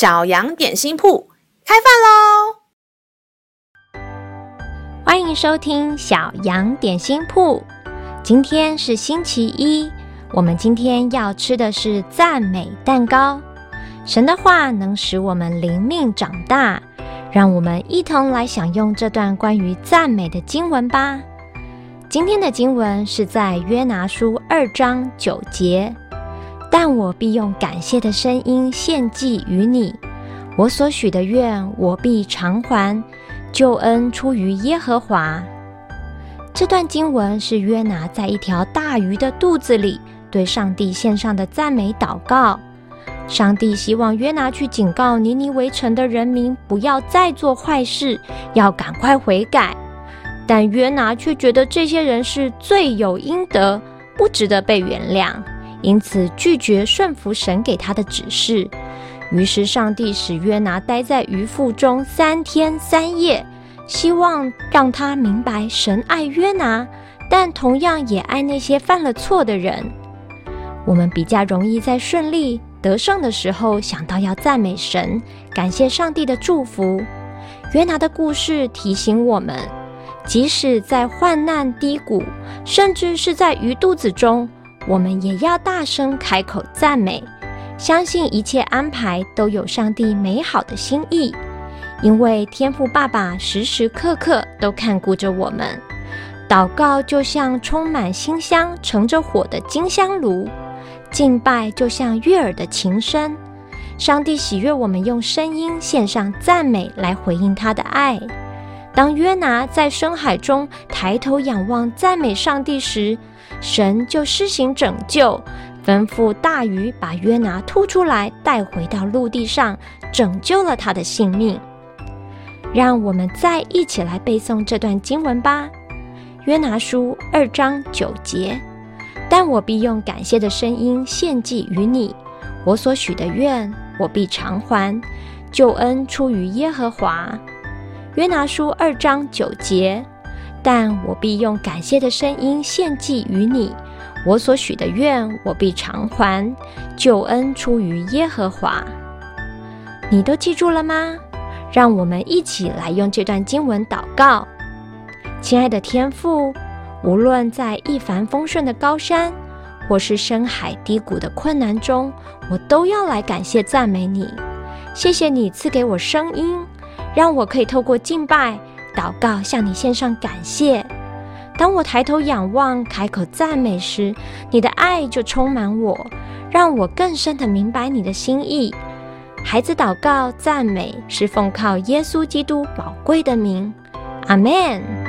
小羊點心鋪開飯嘍！歡迎收聽小羊點心鋪。今天是星期一，我們今天要吃的是讚美蛋糕。神的話能使我們靈命長大，讓我們一同來享用這段關於讚美的經文吧。今天的經文是在約拿書二章九節。但我必用感謝的聲音獻祭於你，我所許的願我必償還，救恩出於耶和華。這段經文是約拿在一條大魚的肚子裡對上帝獻上的讚美禱告。上帝希望約拿去警告尼尼微城的人民不要再做壞事，要趕快悔改。但約拿却覺得這些人是罪有應得，不值得被原諒。因此拒絕順服神給他的指示，於是上帝使約拿待在魚腹中三天三夜，希望讓他明白神愛約拿，但同樣也愛那些犯了錯的人。我們比較容易在順利得勝的時候想到要讚美神，感謝上帝的祝福。約拿的故事提醒我們，即使在患難低谷，甚至是在魚肚子中，我們也要大聲開口讚美，相信一切安排都有上帝美好的心意，因為天父爸爸時時刻刻都看顧着我們。禱告就像充滿馨香、盛着火的金香爐，敬拜就像悅耳的琴聲。上帝喜悅我們用聲音獻上讚美來回應他的愛。當約拿在深海中抬頭仰望讚美上帝時，神就施行拯救，吩咐大魚把約拿吐出來，帶回到陸地上，拯救了他的性命。讓我們再一起來背誦這段經文吧，《約拿書》二章九節。但我必用感謝的聲音獻祭於你，我所許的願我必償還，救恩出於耶和華。約拿書二章九節，但我必用感謝的聲音獻祭於你，我所許的願，我必償還，救恩出於耶和華。你都記住了嗎？讓我們一起來用這段經文禱告。親愛的天父，無論在一帆風順的高山，或是深海低谷的困難中，我都要來感謝讚美你，謝謝你賜給我聲音。讓我可以透過敬拜、禱告向你獻上感謝。當我抬頭仰望、開口讚美時，你的愛就充滿我，讓我更深的明白你的心意。孩子禱告讚美是奉靠耶穌基督寶貴的名，阿們。